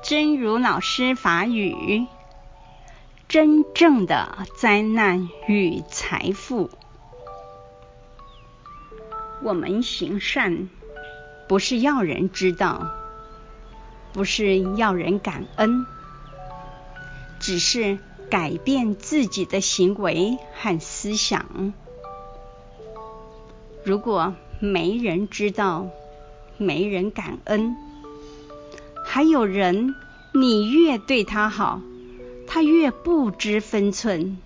真如老師法語，真正的災難與財富。我們行善，不是要人知道，不是要人感恩，只是改變自己的行為和思想。如果沒人知道，沒人感恩。還有人，你越對他好，他越不知分寸，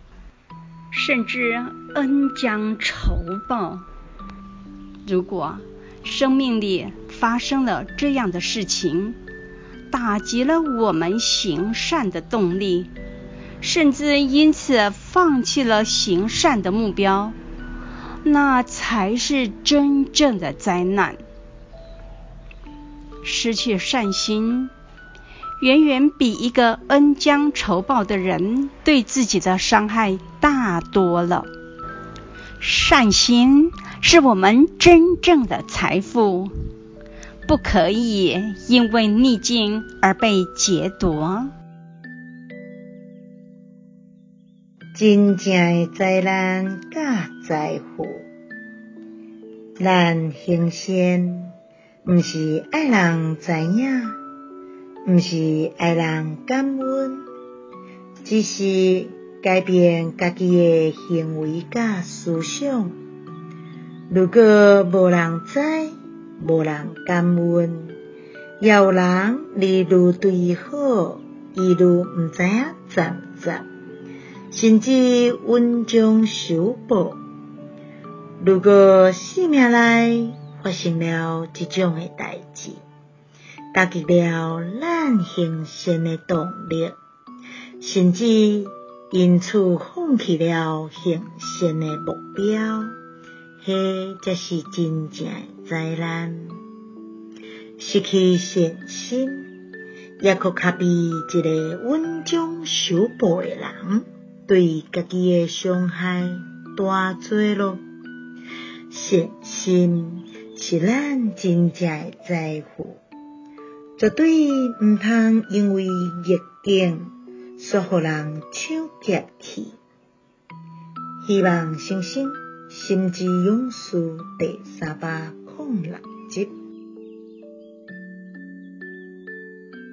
甚至恩將仇報。如果生命裡發生了這樣的事情，打擊了我們行善的動力，甚至因此放棄了行善的目標，那才是真正的災難。失去善心，遠遠比一個恩將仇報的人對自己的傷害大多了。善心是我們真正的財富，不可以因為逆境而被劫奪。真正災難假在乎，難行善。毋是愛人知影，毋是愛人感恩，只是改變家己嘅行為甲思想。如果無人知，無人感恩，要有人一路對好，一路毋知影怎着，甚至恩將仇報。如果生命裡，發生了這種的代志，打擊了咱行善的動力，甚至因此放棄了行善的目標，迄才是真正的災難。失去善心，猶閣較比一個恩將仇報的人，對家己的傷害大儕咯。善心。是咱真正誒財富，絕對毋通因為逆境，煞互人手劫去。希望新生心之勇士第三百空六集。